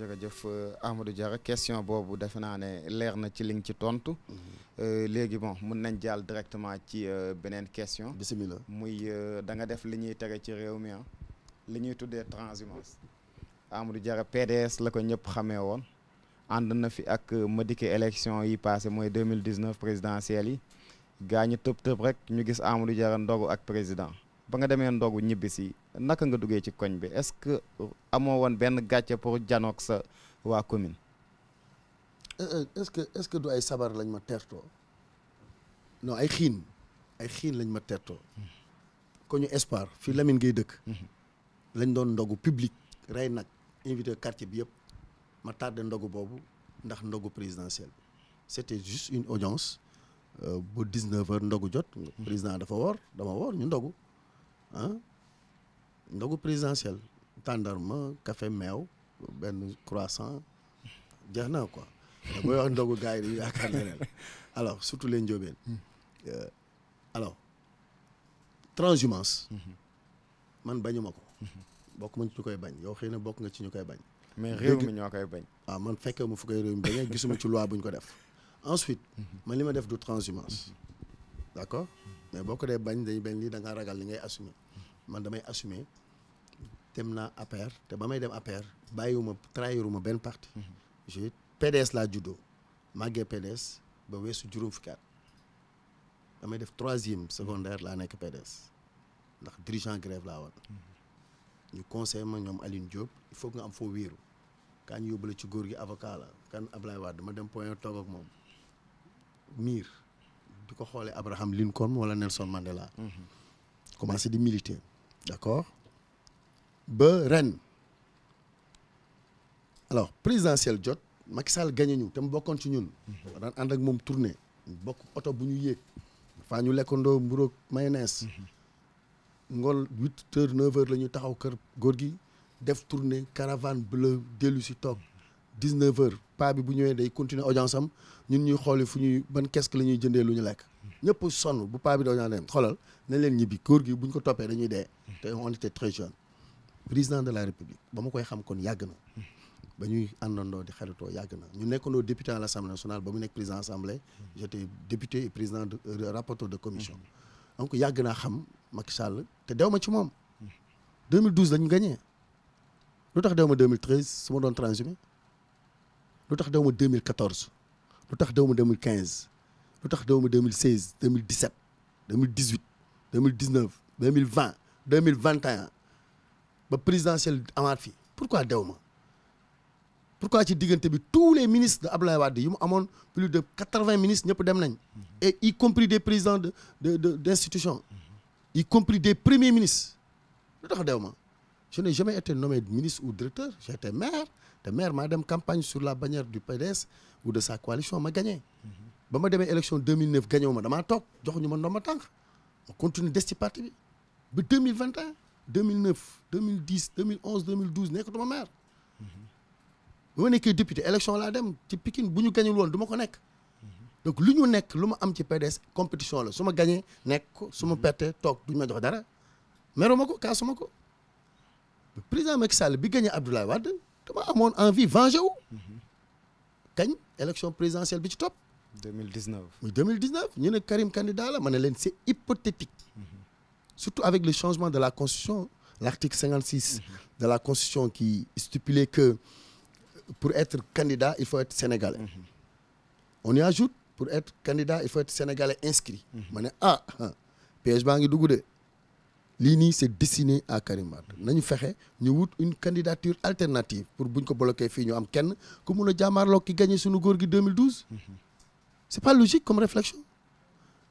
jërëjëf euh, Amadou Diarra question boobu defe naa ne leer na ci liñ ci tontu. Mhm. Euh, léegi bon mun nañ jàll directement ci euh, beneen question. bisimilah muy da nga def li ñuy tere ci réew mi ah. li ñuy tuddee transhumance. Amadou Diarra PDS la ko ñëpp xamee woon. ànd na fi ak Madické élection yi passé mooy deux mille dix neuf présidentielles yi. gaa ñu tëb tëb rek ñu gis Amadou Diarra ndogu ak président. ba nga demee ndogu ñibbi si naka nga duggee ci koñ bi est-ce que amoo woon benn gàcce pour janoog sa waa commune. Euh, euh, est-ce que est-ce que du ay sabar lañ ma teertoo non ay xiin ay xiin lañ ma teertoo koñu ñu Espar fii Lamine ngay dëkk. lañ doon ndogu public rey nag invité quartier bi yëpp ma tardé ndogu boobu ndax ndogu présidentiel bi c'était juste une audience euh, ba 19 heures ndogu jot. président dafa woor dama woor ñu ndogu. ah ndogu présidentiel tàndarma café meew benn croissant jeex na quoi booy wax ndogu gars yi dañuy yaakaar leneen alors surtout les njóobeen hmm. euh, alors transhumance hmm. man bañuma ko hmm. bokk ma ci ñu koy bañ yow xëy na bokk nga ci ñu koy bañ mais réew mi ñoo koy bañ waaw ah, man fekkee mu fu koy réew mi bañee gisuma ci loi bu ñu ko def ensuite man li ma def du transhumance d'accord mais boo ko dee bañ dañu benn lii da ngaa ragal li ngay assumer man damay assumer dem naa APR te ba may dem APR bàyyiwuma ma benn parti mhm. je PDS laa juddoo màggee PDS ba weesu juróom fukki at damay def troisième secondaire laa nekk PDS ndax dirigeant grève laa woon mhm. ñu conseil ma ñoom alin Diop il faut nga am foo wéeru kaa ñu yóbbale ci góor gi avocat la kan Ablaye Wade ma dem point toog ak moom miir di ko xoolee Abraham Lincoln wala Nelson Mandela. Mhm. commencé di militer. d'accord ba ren alors présidentielle jot Macky Sall gagné ñu te mu bokkoon ci ñun. Mhm. daan ànd ak moom tournée. bokk oto bu ñu yéeg. faa ñu lekkandoo mburu ak mayonnaise. Mhm. ngool huit heures neuf la ñu taxaw kër góor gi. def tournée caravane bleue dellu si toog. dix neuf heures paa bi bu ñëwee day continuer audience am ñun ñuy xooli fu ñuy ban kees la ñuy jëndee lu ñu lekk. ñëpp sonn bu paa bi doo ñaan dem xoolal nañ leen ñibbi góor gi buñ ko toppee dañuy dee te on était très jeune président de la république ba ma koy xam kon yàgg na ba ñuy àndandoo di xaritoo yàgg na ñu nekkandoo député à l' assemblée nationale ba mu nekk président assemblée j' étais député et président de euh, rapporteur de commission donc yàgg naa xam Macky Sall te dew ma ci moom 2012 dañu gagné lu tax dew ma 2013 su ma doon transhumé lu tax dew ma 2014 lu tax dew ma 2015 lu tax doomu 2016 2017 2018 2019 2020 2021 ba présidentielle amaat fii pourquoi dew ma pourquoi ci diggante bi tous les ministres de Abdoulaye Wade yu mu amoon plus de quatre-vingts ministres ñëpp dem nañ mm-hmm. et y compris des présidents de de d'institutions mm-hmm. y compris des premiers ministres lu tax dew ma je n'ai jamais été nommé ministre ou directeur j'étais maire te maire maa dem campagne sur la bannière du PDS ou de sa coalition ma gagné mm-hmm. ba ma demee élection 2009 gagné wu ma damaa toog joxuñu ma ndomba tànk ma continuer des ci parti bi ba 2021 2009 2010 2011 2012 nekkatuma maire bi ma nekkee député élection laa dem ci Pikine bu ñu gañul woon du ma ko nekk donc lu ñu nekk lu ma am ci PDS compétition la su ma gañee nekk ko su ma pertee toog duñu ma jox dara meroo ma ko kaasu ma ko président Macky Sall bi gañee Abdoulaye Wade dama amoon envie venger wu kañ élection présidentielle bi ci topp 2019 muy 2019 ñu ne Karim candidat la ma ne leen c'est hypothétique mm-hmm. surtout avec le changement de la constitution l'article 56 mm-hmm. de la constitution qui stipulait que pour être candidat il faut être sénégalais mm-hmm. on y ajoute pour être candidat il faut être sénégalais inscrit ma ne ah, ah piège baa ngi dugg de lii nii c'est destiné à Karim Wade nañu fexe ñu wut une candidature alternative pour buñ ko bloqué fii ñu am kenn ku mun a jàmmaarloo ki gagné sunu góor gi 2012 c'est pas logique comme réflexion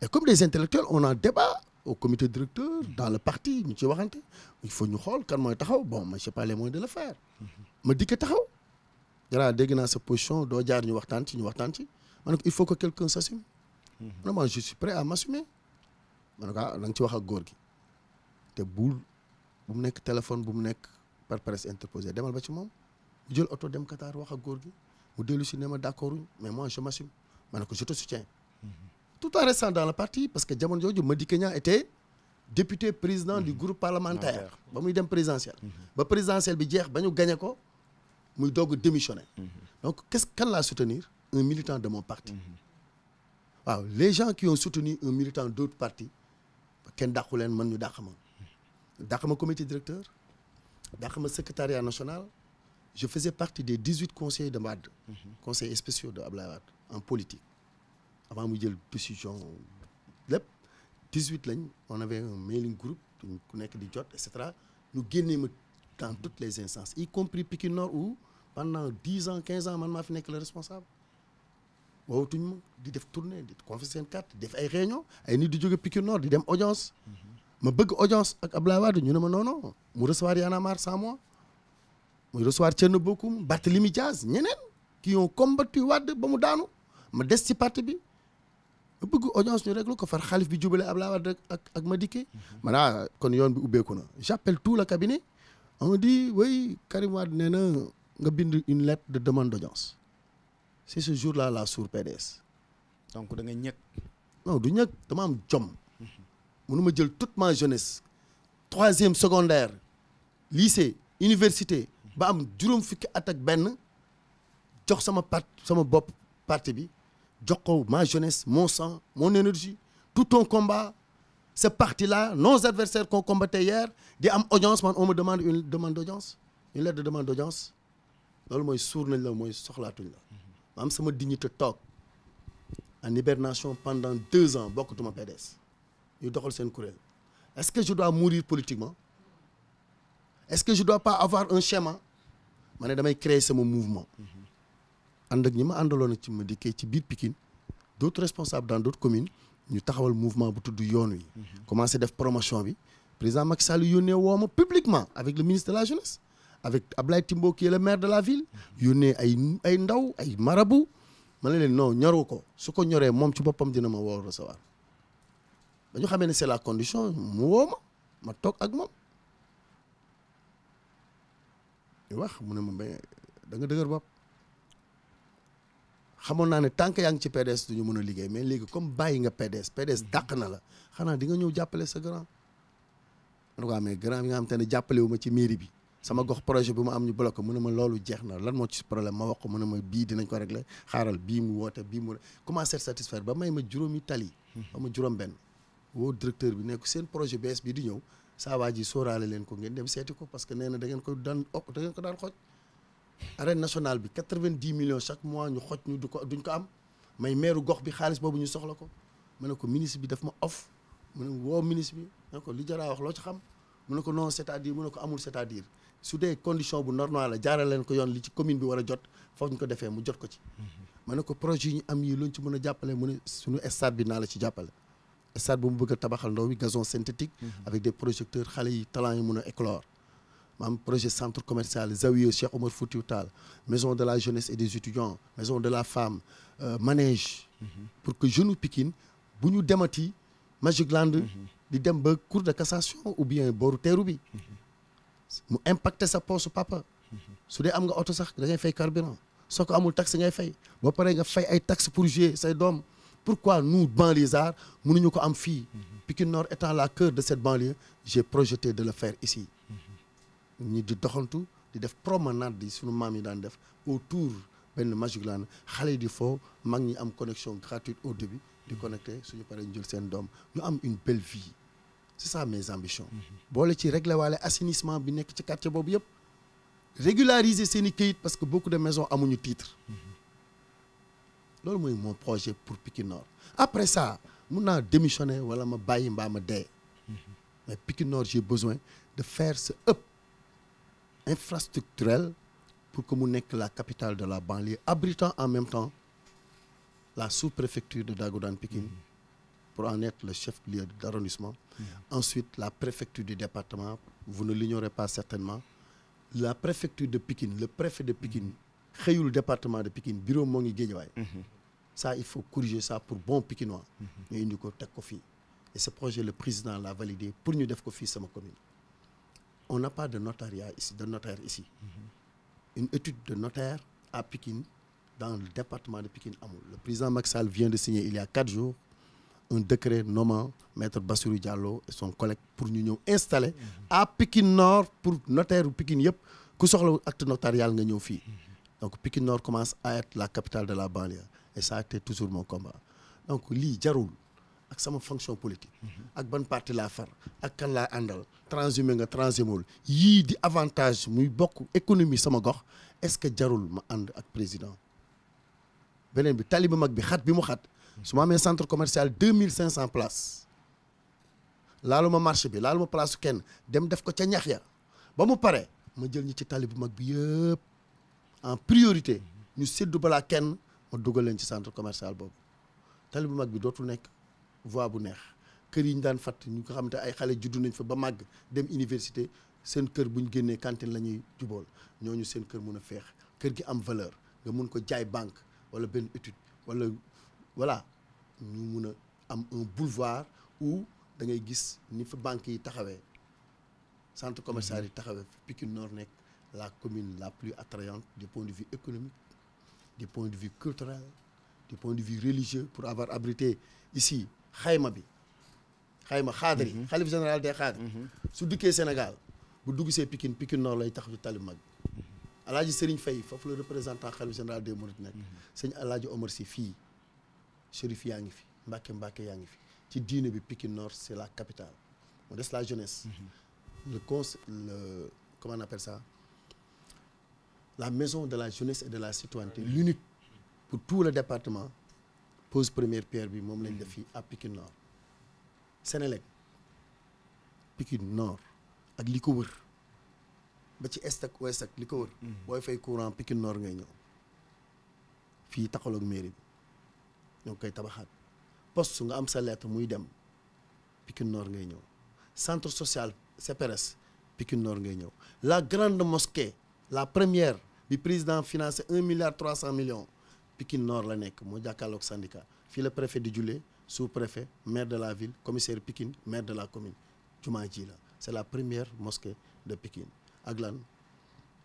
et comme des intellectuels on en débat au comité directeur dans le parti ñu ci waxante il faut ñu xool kan mooy taxaw bon mais j'ai pas les moyens de le faire ma dikk taxaw yàlla dégg naa sa position doo jaar ñu waxtaan ci ñu waxtaan ci ma ne ko il faut que quelqu'un s'assume vraiment je suis prêt à m'assumer ma ne ko ah da nga ci wax a góor gi te bul bu mu nekk téléphone bu mu nekk par presse interposée demal ba ci moom jël oto dem taar wax a góor gi mu dellu si ne ma d'accord mais moi je ma ne ko je te soutiens tout en restant dans le parti parce que jamono jooju Madické Niang était député président du groupe parlementaire ba muy dem présidentiel ba présidentiel bi jeex ba ñu gagné ko muy doog démissionné donc qu'est-ce la laa soutenir un militant de mon parti waaw les gens qui ont soutenu un militant d'autres partis kenn dàqu leen mën ñu dàq ma dàq ma comité directeur dàq ma secrétariat national je faisais partie des dix-huit conseillers de Wade conseil spéciaux de Abdoulaye en politique avant mu jël décision lépp 18 lañ on avait un mailing group ku nekk di jot et cetera ñu génnee ma dans toutes les instance y compris Pikine Nord où pendant 10 ans 15 ans man maa fi nekk le responsable woowatuñ ma di def tournée di confisquer seen carte def ay réunion ay nit di jóge Pikine Nord di dem audience mm-hmm. ma bëgg audience ak Abdoulaye Wade ñu ne ma non non mu recevoir Y'en a marre sans moi muy recevoir Thierno Bocoum Barthélémy Diaz ñeneen qui ont ba mu daanu ma des ci parti bi ma bëgg audience rek la ko far xalif bi jubale Abdoulaye Wade ak ak Madické maanaam kon yoon bi ubbeeku na j'appelle tout le cabinet on me dit oui Karim Wade nee na nga bind une lettre de demande d'audience c'est ce jour-là la sour PDS donc da nga ñëkk non du ñëkk dama am mhm. ma jël toute ma jeunesse troisième secondaire lycée université baam am juróom fukki at ak benn jox sama part sama bopp parti bi jox ko ma jeunesse mon sang mon énergie tout ton combat ce parti-là nos adversaires qu'on hier di am audience man on me demande une demande d'audience une lettre de demande d'audience loolu mooy suur nañ la mooy soxlaatuñ la ma am sama dignité toog en hibernation pendant deux ans bokkatuma PDS ñu doxal seen kuréel est-ce que je dois mourir politiquement est-ce que je dois pas avoir un schéma ma ne damay créer sama mouvement ànd ak ñi ma àndaloon ci ma dikkee ci biir Pikine d'autres responsables dans d'autres communes ñu taxawal mouvement bu tudd yoon wi. Mhm. commencé def promotion bi président Macky Sall yónnee woo ma publiquement avec le ministre de la jeunesse avec Ablaye Timbo qui est le maire de la ville mhm. yónnee ay ay ndaw ay marabu ma ne leen non ñoru ko su ko ñoree moom ci boppam dina ma woo recevoir ba ñu xamee ne c'est la condition mu woo ma ma toog ak moom. wax mu ne ma da nga dëgër bopp xamoon naa ne tant que yaa ngi ci PDS duñu mën a liggéey mais léegi comme bàyyi nga PDS PDS dàq na la xanaa di nga ñëw jàppale sa grand en tout cas mais grand bi nga xam te ne jàppale wu ma ci mairie bi sama gox projet bi ma am ñu bloqué mu ne ma loolu jeex na lan moo ci problème ma wax ko mu ne ma bii dinañ ko régler xaaral bii mu woote bii mu commencé satisfaire ba may ma juróomi tali. ba jurom juróom benn woo directeur bi nekk seen projet bees bi di ñëw saa waa ji sóoraale leen ko ngeen dem seeti ko parce que nee na da ko daan op da ko daan xooj arène nationale bi quatre-vingt-dix millions chaque mois ñu xoj ñu du ko duñ ko am may meeru gox bi xaalis boobu ñu soxla ko ma ne ko ministre bi daf ma off mu ne woo ministre bi ma ne ko li wax loo ci xam mu ne ko non cest à mu ne ko amul c'est-à-dire dee condition bu normal la leen ko yoon li ci commune bi war a jot foog ñu ko defee mu jot ko ci. ma ne ko projet yi ñu am yii luñ ci mën a jàppale mu ne suñu stade bi naa la ci jàppale. stade bu mu bëgg a tabaxal ndaw bi gazon synthétique. Mhm. avec des projecteurs xale yi talent yi mun a éclore. am projet centre commercial Zawiya Cheikh Omar Foutiou Tall maison de la jeunesse et des étudiants maison de la femme euh, manège mhm. pour que jeune Pikine bu ñu demati Magic Land mhm. di dem ba cour de cassation ou bien booru teeru bi mhm. mu impacté sa poche papa su dee am nga oto sax da ngay fay carburant soo ko amul taxe ngay fay ba pare nga fay ay tax pour jouer say doom quoi pourquoi nous nu ñu ko am fii Pikine Nord étant la cœur de cette banlieue j'ai projeté de le faire ici ñi di doxantu di def promenade yi suñu maam yi daan def autour benn Magic Land xale yi di foo mag ñi am connexion gratuite au début di connecté suñu paree ñu jël seen doom ñu am une belle vie c'est ça mes ambitions mm-hmm. boole ci réglé waale assainissement bi nekk ci quartier boobu yëp régulariser seen i këyit parce que beaucoup de maisons amuñu titre mm-hmm. loolu mooy moo projet pour Pikine Nord après ça mun naa démissionner wala ma bàyyi mbaa ma dee mm-hmm. mais Pikine Nord besoin de faire ce up infrastructurelle pour que mu nekk la capitale de la banlieue abritant en même temps la sous-préfecture de Dagodan Pikine mm-hmm. pour en être le chef-lieu d'arrondissement mm-hmm. ensuite la préfecture du département vous ne l'ignorez pas certainement la préfecture de Pikine le préfet de Pikine mm-hmm. xëyul département de Pikine bureau moo ngi Guédiawaye ça il corriger ça pour bon pikinois ñu indi ko teg ko et ce projet le président l'a validé pour ñu def ko fii sama commune on n'a pas de notariat ici, de notaire ici. Mm-hmm. Une étude de notaire à Pékin, dans le département de Pékin Amoul. Le président Maxal vient de signer il y a quatre jours un décret nommant maître Bassirou Diallo son collègue pour ñu ñëw installer mm-hmm. à Pikine Nord pour notaire pikin Pikine yëpp ku soxla acte notarial nga ñëw fii mm-hmm. donc Pikine Nord commence à être la capitale de la banlieue et ça a toujours mon combat donc lii jarul ak sama fonction politique ak ban parti laa far ak kan laa àndal transhumé nga transhumé yii di avantage muy bokk économie sama gox est-ce que jarul ma ànd ak président beneen bi tali bu mag bi xat bi mu xat su ma amee centre commercial deux mille cinq cent places ma marché bi laaluma place kenn dem def ko ca ñax ya ba mu pare ma jël ñi ci tali bu mag bi yëpp en priorité ñu séddu balaa kenn ma dugal leen ci centre commercial boobu tali bu mag bi dootul nekk voix bu neex kër yi ñu daan fàtt ñu nga xam te ay xale juddu nañ fa ba màgg dem université seen kër bu ñu génnee cantine la ñuy ñoo ñu seen kër mun a feex kër gi am valeur nga mun ko jaay banque wala benn étude wala voilà ñu mun a am un boulevard où da ngay gis ni fi banque yi taxawee centre commercial yi taxawee Pikine Nord nekk la commune la plus attrayante du point de vue économique du point de vue culturel di point de vue religieux pour avoir abrité ici xayma bi xayma xaadar yi mhm. xalif général des xaadar mhm. su dukkee Sénégal bu dugg see pikin Pikine Nord lay tax ci tali mag bi mhm. alaaji Serigne Faye foofu la représentant xalif général des Mourides nekk sëñ alaaji Omar si fii Chérif yaa ngi fi Mbàkke Mbàkke yaa ngi fi ci diine bi pikin Nord c'est la capital on laisse la jeunesse le cons le comment on appelle ça la maison de la jeunesse et de la citoyenneté l'unique pour tout le département pose première pierre bi moom lañ def fii à Pikine Nord Sénélec Pikine Nord ak li ko wër ba ci est ak ouest li ko wër mm. booy fay courant Pikine Nord ngay ñëw fii taxaloog mairie bi ñoo koy tabaxaat poste nga am sa lettre muy dem Pikine Nord ngay ñëw centre social CPRS Pikine Nord ngay ñëw la grande mosquée la première bi président financé un milliard trois cent million Pikine Nord la nekk moo jàkkaarloog syndicat fii la préfet di jullee sous-préfet maire de la ville commissaire Pikine maire de la commune jumaa ji la c'est la première mosquée de Pikine ak lan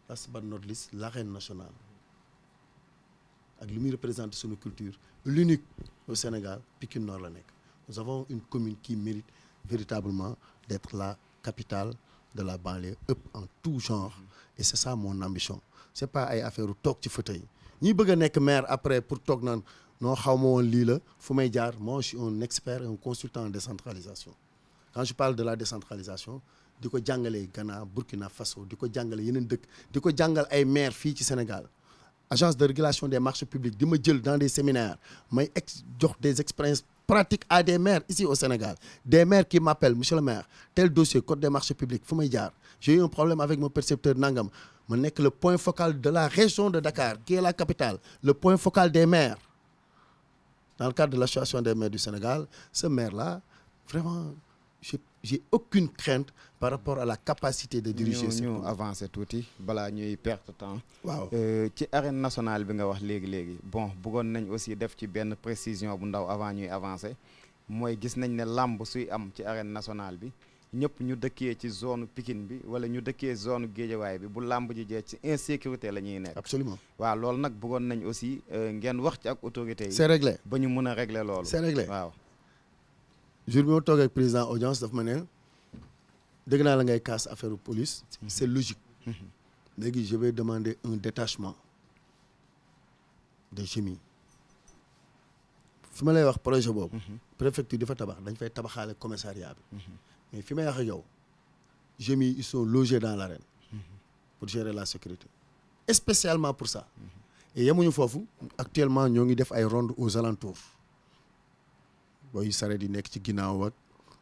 last but not least nationale ak lu muy représente suñu culture l'unique au Sénégal Pikine Nord la nekk nous avons une commune qui mérite véritablement d'être la capitale de la banlieue up en tout genre et c'est ça mon ambition c'est pas ay affaire u toog ci fauteuil ñi bëgg a nekk maire après pour toog naan non xaw ma woon lii la fu may jaar moo je suis un expert et un consultant en décentralisation quand parle de la décentralisation di ko jàngalee Ghana Burkina Faso di ko jàngale yeneen dëkk di ko jàngal ay maire fii ci Sénégal agence de régulation des marchés publics di ma jël dans des séminaires may ex jox des expériences pratiques à des maires ici au Sénégal des maires qui m'appellent monsieur le maire tel dossier code des marchés fu may jaar j'ai eu un nangam ma nekk le point focal de la région de Dakar qui est la capitale le point focal des maires dans le cadre de l'association des maires du Sénégal ce maire là vraiment j'ai aucune crainte par rapport à la capacité de diriger ñu tuuti balaa ñuy perte temps waaw euh, ci arène nationale bi nga wax léegi-léegi bon bëggoon nañ aussi def ci benn précision bu ndaw avant ñuy avancer mooy gis nañ ne lamb suy am ci arène nationale bi ñëpp ñu dëkkee ci zone Pikine bi wala ñu dëkkee zone Géejawaay bi bu làmb ji jeex ci insécurité la ñuy nekk. absolument waaw loolu nag buggoon nañ aussi euh, ngeen wax ci ak autorité yi. c'est réglé ba ñu mën a régler loolu. c'est réglé waaw. jour bi ma toog président audience dafa ma ne dégg naa la ngay casse affaire police. c'est logique. Mhm. léegi je vais demander un détachement de génie fi ma lay wax projet boobu. Mhm. préfecture dafa tabax dañ fay tabaxaale commissariat bi. Mhm. mais fi may wax ak yow jeunes yi ils sont logés dans l'arène pour gérer la sécurité spécialement pour ça yem yemuñu foofu actuellement ñoo ngi def ay rondes aux alentours booy saret yi nekk ci ginnaaw ak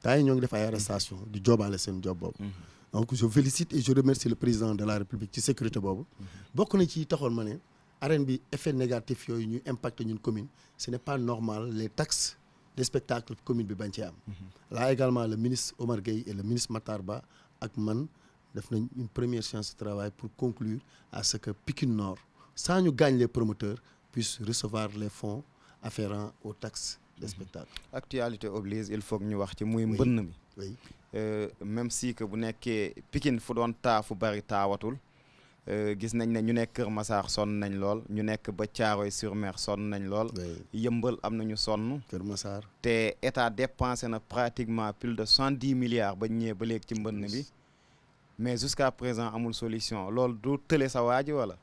temps yi ñoo ngi def ay arrestation di joobaale seen job boobu donc je félicite et je remercie le président de la république ci sécurité boobu bokk na ci taxoon ma ne arène bi effet négatif yooyu ñuy impacté ñun commune ce n'est pas normal les taxes de spectacle commune bi bañ cee am. Mhm. là également le ministre Omar Gueye et le ministre Matar Ba ak man def nañ une première séance de travail pour conclure à ce que Pikine Nord sans ñu gaañ les promoteurs puissent recevoir les fonds afférents aux taxes de mhm. spectacle. actualité oblige il faut ñu wax ci muy mbënn mi. oui euh, même si bu nekkee Pikine fu doon taa fu bari taawatul. Euh, gis nañ ne ñu ne Kër Massar sonn nañ lool ñu nekk ba caaro sur Mer sonn nañ lool. yëmbal am na ñu sonn. Kër Massar te état dépensé na pratiquement plus de cent dix milliards ba ñëwee ba léegi ci mbënn bi mais jusqu'à présent amul solution lool du tële sa waa ji wala.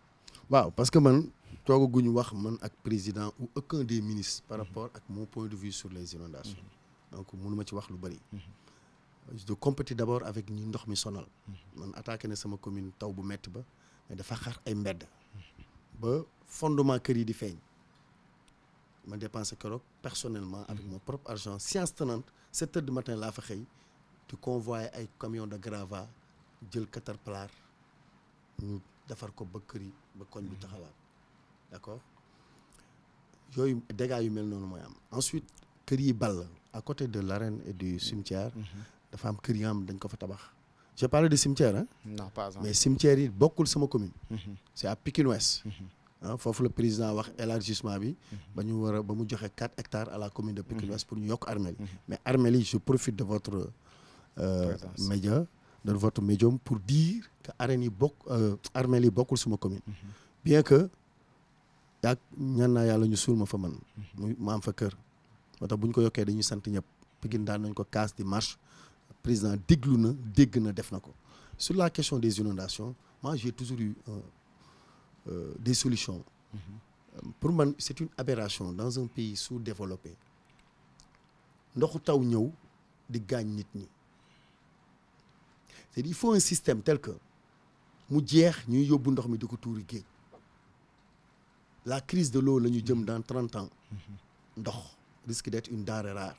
waaw parce que man toogaguñu wax man ak président ou aucun des ministres par rapport ak mon point de vue sur les inondations mm-hmm. donc mënuma ci wax lu bari. Mm-hmm. je compétis d'abord avec ñi ndox mi sonal. Mm-hmm. man attaqué na sama commune taw bu metti ba. dafa xar ay mbedd ba fondement kër yi di feeñ ma dépensé keroog personnellement avec mon propre argent science tenante sept heures du matin laa fa xëy di convoyé ay camion de gravats jël caterpillar ñu defar ko ba kër yi ba koñ bi taxawaat d'accord yooyu dégâts yu mel noonu mooy am ensuite kër yi ball à côté de l'arène et du cimetière mhm. dafa am kër yi am dañ ko fa tabax j'ai parlé de cimetière ah. non pas en mais cimetière yi bokkul sama commune. Mhm. c' à Pikine mhm. ah, foofu la président wax élargissement bi. Mhm. ba ñu war ba mu joxe quatre hectares à la commune de Pikine Ouest pour ñu yokk armel yi. mais armel yi je profite euh, média de votre pour dire que bokk euh, armel yi bokkul sama commune. bien que yaa ñaan naa yàlla ñu suul ma fa man. mu ma am fa kër. moo tax bu ñu ko yokkee dañuy sant ñëpp Pikine daan nañ ko kaas di marche. président déglu na dégg na def na ko sur la question des inondations moi j'ai toujours eu euh, euh des solutions mm-hmm. pour man c'est une aberration dans un pays sous-développé ndoxu taw ñëw di gaañ nit ñi c'est il faut un système tel que mu jeex ñuy yóbbu ndox mi di ko tuuri géej la crise de l'eau la ñu jëm dans trente ans mm-hmm. ndox risque d'être une denrée rare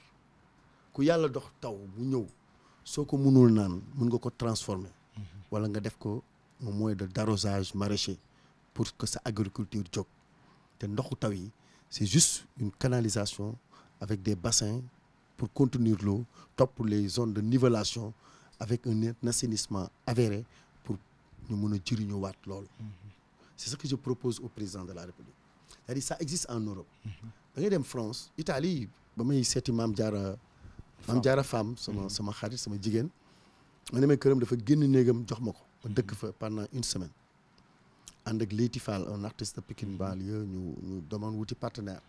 ku yàlla dox taw mu ñëw soo ko mënul naan mën nga ko transformer wala nga def ko un mooy de d'arrosage maraîcher pour que sa agriculture jóg te ndoxu taw yi c'est juste une canalisation avec des bassins pour contenir l'eau topp les zones de nivellation avec un assainissement avéré pour ñu mën a jëriñu waat loolu c'est ce que je propose au président de la République cest à existe en Europe da mm-hmm. ngay dem France Italie ba may seeti Maam Jaara maam jaara femme sama mhm. sama xarit sama jigéen ma may këram dafa génn néegam jox ma ko ma dëkk mhm. fa pendant une semaine ànd ak Leyti Fall un artiste Pikine mhm. banlieue ñu ñu demoon wuti partenaire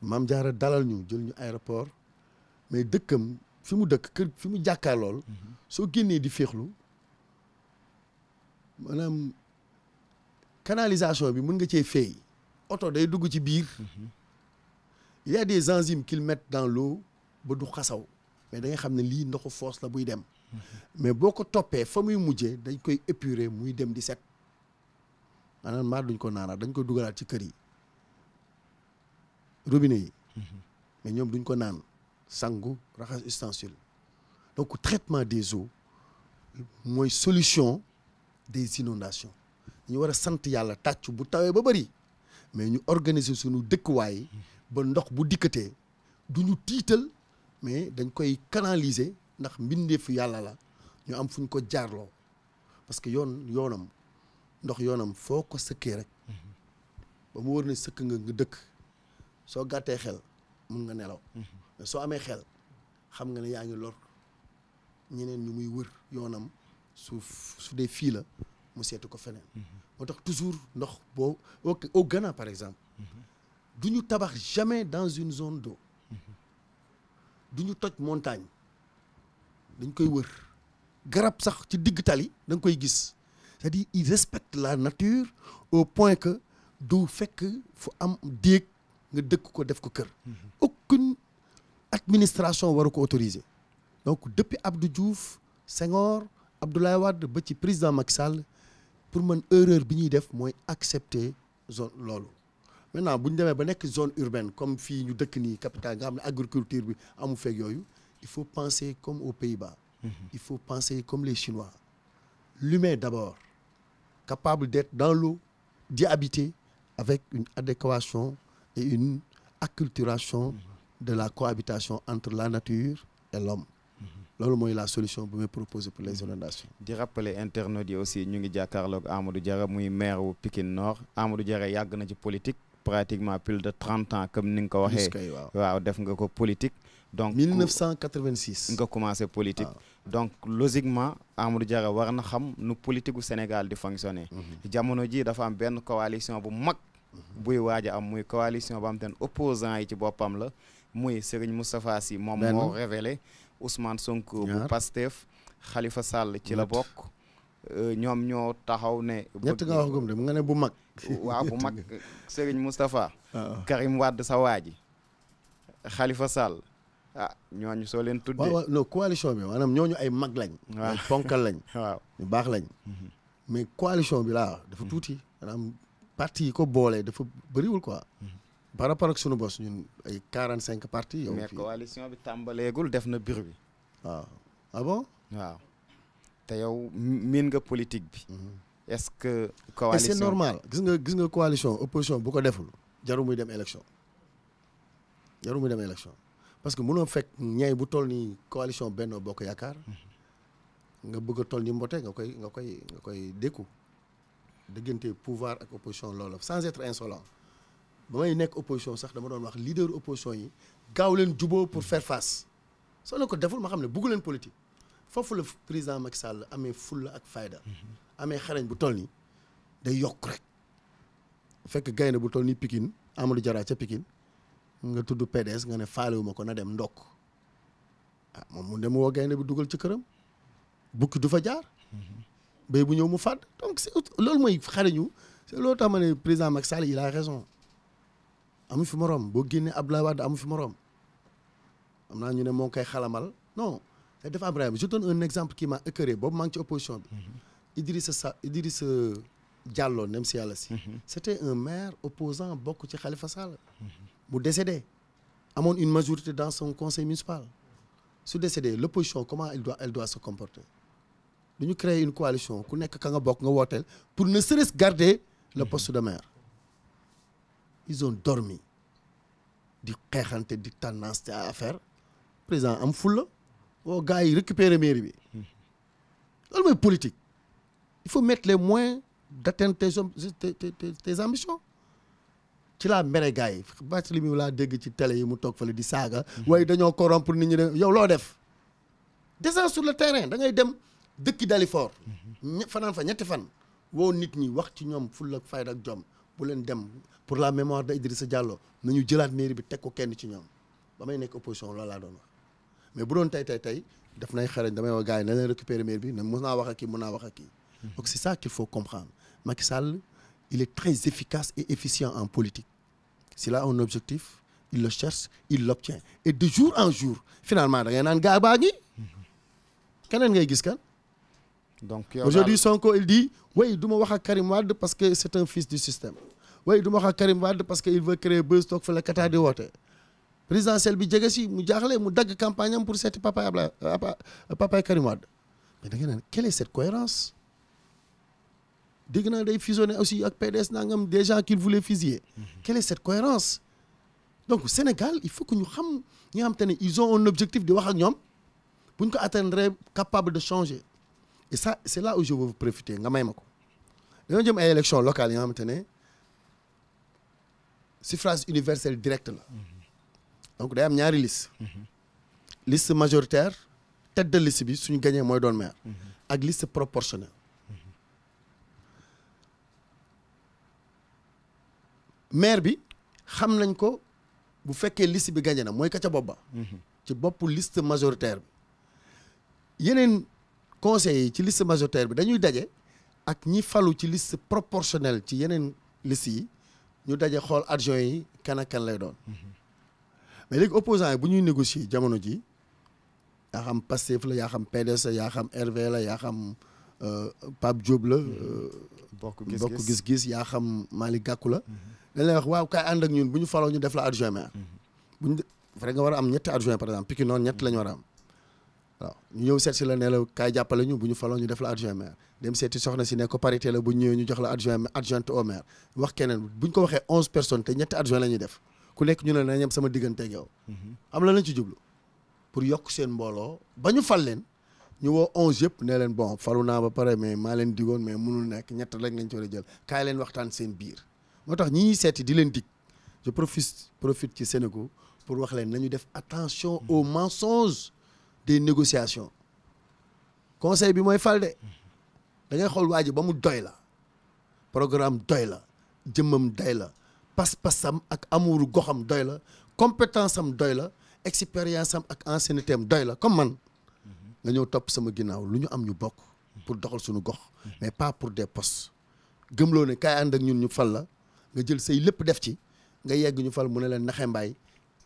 maam jaara dalal ñu jël ñu aéroport mais dëkkam fi mu dëkk kër fi mu jàkkaar lool soo génnee di féexlu maanaam canalisation bi mun nga cee feey oto day dugg ci biir il y a des enzymes qu'ils dans l'eau ba du xasaw mais da xam ne lii ndoxu force la buy dem mais boo ko toppee fa muy mujjee dañ koy épurer muy dem di set maanaam maa duñ ko naanaat dañ ko dugalaat ci kër yi robinet yi mais ñoom duñ ko naan sangu raxas ustensile donc traitement des eaux mooy solution des inondations ñu war a sant yàlla tàcc bu tawee ba bëri mais ñu organiser suñu dëkkuwaay ba ndox bu dikkatee du ñu tiital mais dañ koy canaliser ndax mbindeefu yàlla la ñu am fu fuñ ko jaarloo parce que yoon yoonam ndox yoonam foo ko sëkkee rek ba mu wër ne sëkk nga nga dëkk soo gàttee xel mun nga nelaw mhm. soo amee xel xam nga ne yaa ngi lor ñeneen ñu muy wër yoonam suuf su dee fii la mu seetu ko feneen mhm. moo tax toujours ndox boo au Ghana par exemple mhm. du ñu tabax jamais dans une zone d'eau du ñu toj montagne dañ koy wër garab sax ci digg tali da nga koy gis cest di dire il respecte la nature au point que du fekk fu am déeg nga dëkk ko def ko kër mm-hmm. aucune administration waru ko autoriser donc depuis Abdou Diouf Senghor Abdoulaye Wade ba ci président Macky Sall pour man erreur bi ñuy def mooy accepter zone loolu maintenant bu ñu demee ba nekk zone urbaine comme fii ñu dëkk nii capitale nga xam ne agriculture bi amu feeg yooyu il faut penser comme aux Pays-Bas mhm. il faut penser comme les Chinois l'humain d'abord capable d'être dans l'eau d'y habiter avec une adéquation et une acculturation mhm. de la cohabitation entre la nature et l'homme mhm. loolu mooy la solution bu may proposé pour les inondations. di rappeler internautes yi aussi ñu ngi jàkkaarloog Amadou Diarra muy maire wu Pikine Nord Amadou Diarra yàgg na ci politique pratiquement plus de trente ans comme ni nga ko waxee waaw def nga ko politique donc 1986 nga commencé politique donc logiquement Amadou Diarra war na xam nu politique gu Sénégal di fonctionner mhm. jamono ji dafa am benn coalition bu mag mhm. buy waaja am muy coalition bu am ten opposant yi ci boppam la muy Serigne Moustapha Sy moom moo révélé Ousmane Sonko bu Pastef Khalifa Sall ci la bokk Euh, ñoom ñoo taxaw ne. ñett nga wax gëm de nga ne bu mag. waaw bu mag Serigne Moustapha. Ah. Karim Wade sa waa ji. Khalifa Sall. ah ñooñu soo leen. tuddee waaw non coalition bi maanaam ñooñu ay mag lañ. waaw ponkal lañ. waaw ñu baax lañ. Mhm. mais coalition bi laa dafa mhm. tuuti maanaam yi ko boole dafa bëriwul quoi. Mhm. par rapport ak sunu bos ñun ay quarante cinq parti yow. mais coalition bi tàmbaleegul def na bir bi. Ah. Ah waaw bon te yow miin nga politique bi. Mhm. est-ce que. coalition c'est normal gis nga gis nga coalition opposition bu ko deful jaru muy dem élection jaru muy dem élection parce que mënoo fekk ñay bu toll nii coalition benn Bokk Yaakaar mhm. nga bëgg a toll ni mbote nga koy nga koy nga koy dékku diggante pouvoir ak opposition loola sans être insolent ba may nekk opposition sax dama doon wax leader opposition yi gaaw leen juboo pour faire face soo leen ko deful ma xam ne bugg leen politique. foofu la président Macky Sall amee fulla ak fayda. amee xarañ bu toll nii day yokk rek. fekk gaynde bu toll nii Pikine jaraa Diarra pikin Pikine nga tudd PDS nga ne faalewuma ko na dem ndokk ah moom mu dem woo gaynde bi dugal ci këram bukki du fa jaar. béy bu ñëw mu fàdd donc c'est loolu mooy xarañu c'est loolu tax ma ne président Macky Sall il a raison amu fi moroom boo génnee Abdoulaye Wade amu fi moroom am naa ñu ne moo ngi koy xalamal non. te eh, dafa am Ibrahima un exemple qui m'a écœuré boobu maa ngi ci opposition bi. Mhm. Idrissa Sa Idrissa Diallo nem si yàlla si. Mhm. c'était un maire opposant bokk ci Khalifa Sall. bu mhm. décédé amoon une majorité dans son conseil municipal. su décédé l'opposition comment elle doit elle doit se comporter du ñu créer une coalition ku nekk ka nga bokk nga wooteel pour ne serait-ce garder le poste de maire ils ont dormi di xeexante di tendance à affaire président am fulla woo gars yi récupérer mairie bi loolu mooy politique il faut mettre les moyens d'atteindre tes tes ci laa mere gars yi bàcc li mi laa dégg ci tele yi mu toog fale di saaga mhm. waaye dañoo corrompre ni ñi de yow loo def déjà sur le terrain da ngay dem dëkki Dalifort mhm. fanaan fa ñetti fan woo nit ñi wax ci ñoom fulla la fayda ak jom bu leen dem pour la mémoire de Idrissa na nañu jëlaat mairie bi teg ko kenn ci ñoom ba may nekk opposition loolu laa doon mais bu doon tey tey tey daf nay xarañ damay wax gars yi na leen récupérer bi ne mun naa wax ak kii mun naa wax ak kii. Mhm. donc c' est ça qu'il faut comprendre Macky Sall il est très efficace et efficient en politique s'il la un objectif il le cherche il l'obtient et de jour en jour finalement da ngay naan gars baa mhm. keneen ngay gis kan. donc aujourd'hui Sonko il dit oui du ma wax ak parce que c' est du système oui du ma wax ak parce que il présidentielle bi jege si mu jaaxle mu dagg campagne am pour seeti papa Ablaye papa Karim Wade mais da nga naan quelle cette cohérence dégg naa day fusionné aussi ak PDS nangam des gens qu'il voulait fusiller mhm. quelle cette cohérence donc Sénégal il faut que ñu xam ñi nga xam te ne ils ont un objectif di wax ak ñoom bu ñu ko atteindre capable de changer et ça c'est là où je veux nga may ma ko dañoo jëm ay élections locales yi nga xamante ne suffrage universel direct la mhm. donc day am ñaari liste majoritaire tête de liste bi suñu gañee mooy doon maire ak liste proportionnelle maire bi xam nañ ko bu fekkee liste bi gañe na mooy ka ca bopp ba ci bopp liste majoritaire bi yeneen conseillers ci liste majoritaire bi dañuy daje ak ñi falu ci list proportionnelle ci yeneen liste yi ñu daje xool adjoint yi kan ak kan lay doon mais léegi opposants yi bu ñuy négocier jamono ji yaa xam Pastef la yaa xam PDS la yaa xam RV la yaa xam Pape Diop la. Mm-hmm. Euh, bokk gis-gis bokk gis-gis yaa xam Malick Gakou la. Mm-hmm. dañ lay wax waaw kay ànd ñun bu ñu faloo ñu def la adjoint maire. Mm-hmm. bu ñu def a am ñett la ñu war a am. waaw ñu ñu bu ñu faloo ñu def la adjoint dem seeti soxna si ne ko parité la bu ñu ñëwee ñu jox la adjoint adjointe au wax keneen bu ñu ko waxee onze personnes te ñetti adjoint la ñuy def. ku nekk ñu ne na ñam sama diggante ak yow. Mhm. am la lañ ci jublu pour yokk seen mbooloo ba ñu fal leen ñu woo onze yëpp ne leen bon falu naa ba pare mais maa leen digoon mais munul nekk ñett rek lañ ci war a jël kaay leen waxtaan seen biir moo tax ñu ñuy seeti di leen dig je profite profite ci Sénégal pour wax leen na ñu def attention mhm. aux mensonges des négociations conseil bi mooy fal de mhm. da ngay xool waa ji ba mu doy la programme doy la jëmmam doy la pas-pasam ak amuuru goxam doy la compétence am doy la expérience am ak ancienneté am doy la comme man nga ñëw topp sama ginnaaw lu ñu am ñu bokk pour doxal suñu gox mais pas pour des postes gëmloo ne kaay ak ñun ñu fal la nga jël say lépp def ci nga yegg ñu fal mu ne leen naxe mbaay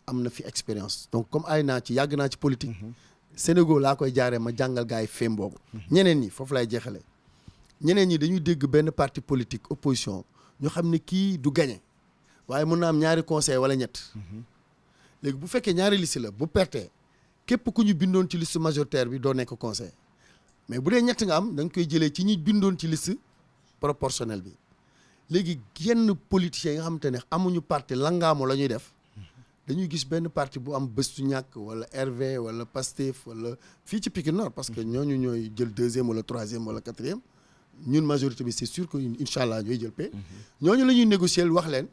am na fi expérience donc comme ay naa ci yàgg naa ci politique mhm. Sénégal laa koy jaaree ma jàngal gars yi feem boobu mhm. ñeneen ñi foofu lay jeexale ñeneen ñi dañuy dégg benn partie politique opposition ñu xam ne kii du gagné waaye mun na am ñaari conseil wala ñett léegi bu fekkee ñaari liste la bu perte képp ku ñu bindoon ci lisse majoritaire bi doo nekk conseil mais bu dee ñett nga am da nga koy jëlee ci ñi bindoon ci liste proportionnelle bi léegi yenn politiciens yi nga xamante ne amuñu parti langaamu la ñuy def dañuy gis benn parti bu am Bës du Ñakk wala RV wala Pastef wala fii ci Pikine Nord parce que ñooñu ñooy jël deuxième wala troisième wala quatrième ñun majorité bi c'est sûr que incha allah ñooy jël paie. Mhm. ñooñu la ñuy négocier wax leen.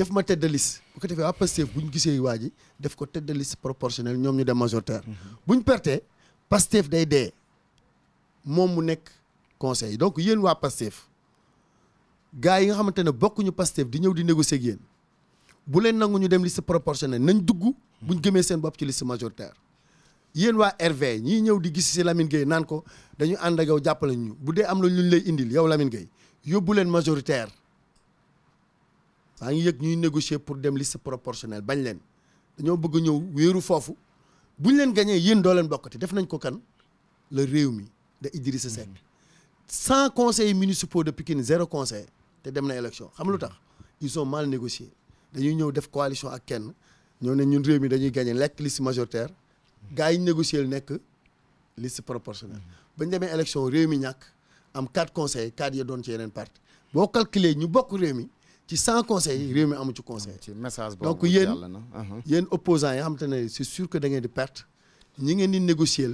def ma tête de liste bu ko defee waa Pastef bu ñu gisee waa ji def ko tête de liste proportionnelle ñoom ñu dem majoritaire. Mhm. bu ñu pertee Pastef day dee moom mu nekk conseil donc yéen waa Pastef gars yi nga xamante ne bokkuñu Pastef di ñëw di négocier ak yéen bu leen nangu ñu dem liste proportionnelle nañ dugg. buñ gëmee seen bopp ci liste majoritaire. yéen waa RV ñii ñëw di gis si Lamine Gueye naan ko dañu ànd ak yow jàppale ñu bu dee am na luñ lay indil yow Lamine yóbbu leen majoritaire. maa ngi yëg ñuy négocier pour dem liste proportionnelle bañ leen dañoo bëgg ñëw wéeru foofu buñ leen gañee yéen doo leen bokkati def nañ ko kan le réew mi de Idrissa Seck mm-hmm. cent conseillers municipaux de Pikine zéro conseil te dem na élection xam lu tax mm-hmm. ils ont mal négocié dañuy ñëw def coalition ak kenn ñoo ne ñun réew mi dañuy gagné lekk liste majoritaire mm-hmm. gars yi négocier nekk liste proportionnelle bañ demee élection réew mi ñàkk am quatre conseils quatre ya doon yeneen parti boo calculer ñu bokk réew mi ci cent conseils yi réew mi amu ci conseil ci message boobu donc yéen uh-huh. yéen yi nga xamante ne c'est sûr que da ngeen di perte ñi ngeen di négocier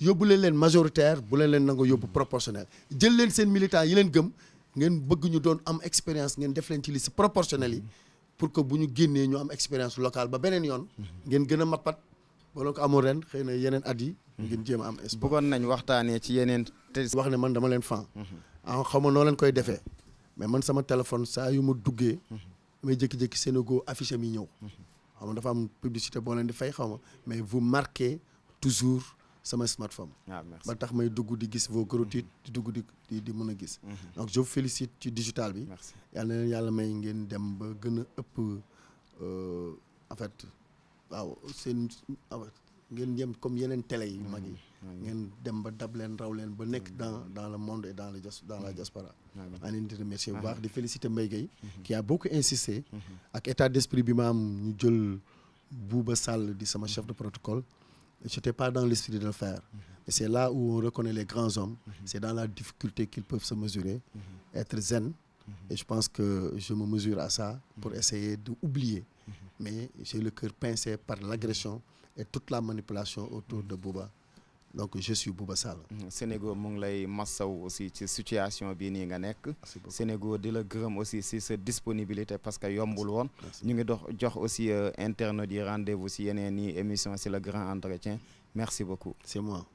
yóbbu leen leen majoritaire bu leen leen nango yóbbu proportionnel jël leen seen militant yi leen gëm ngeen bëgg ñu doon am expérience ngeen def leen ci liste proportionnel yi mm-hmm. pour que bu ñu génnee ñu am expérience locale ba beneen yoon mm-hmm. ngeen gën a mappat bolo ko amul ren xëy na yeneen at yi mm-hmm. ngeen jéem a am espoir bëggoon nañ waxtaanee ci yeneen te wax ne man dama leen fan ah, mais man sama téléphone saa yu ma duggee. damay jékki-jékki Sénégo affiche mi ñëw. xaw ma dafa am publicité boo leen di fay xaw ma mais vous marquez toujours sama smartphone. waaw ah, merci ba tax may dugg di gis vos gros titres di dugg di di mën a gis. Mhm. donc je félicite ci digital bi. merci yàlla leen yàlla may ngeen dem ba gën a ëpp euh, en fait waaw seen. ngeen jëm comme yeneen télé yi mag mm-hmm. mm-hmm. ngeen dem ba dab leen raw leen ba nekk dans mm-hmm. dans le monde dans le dans la diaspora maa di remercier bu baax ah. di féliciter Mbaye Gueye qui a beaucoup insisté ak état d'esprit bi ma am ñu jël Bouba Sall di sama chef de protocole j'étais pas dans l'esprit de le faire mais c'est là où on les grands hommes c'est dans la difficulté qu'ils peuvent se mesurer être zen et je pense que je me mesure à ça pour essayer d'oublier mais j'ai le cœur pincé par l'agression et toute la manipulation autour de Bouba donc je suis Bouba Sall. Mm-hmm. Sénégal mu ngi lay massaw aussi ci situation bii nii nga nekk. Sénégal di la gërëm aussi si sa disponibilité parce que yombul woon. ñu ngi dox jox aussi euh, internet yi rendez-vous si yeneen i émission si la grand entretien merci beaucoup. c'est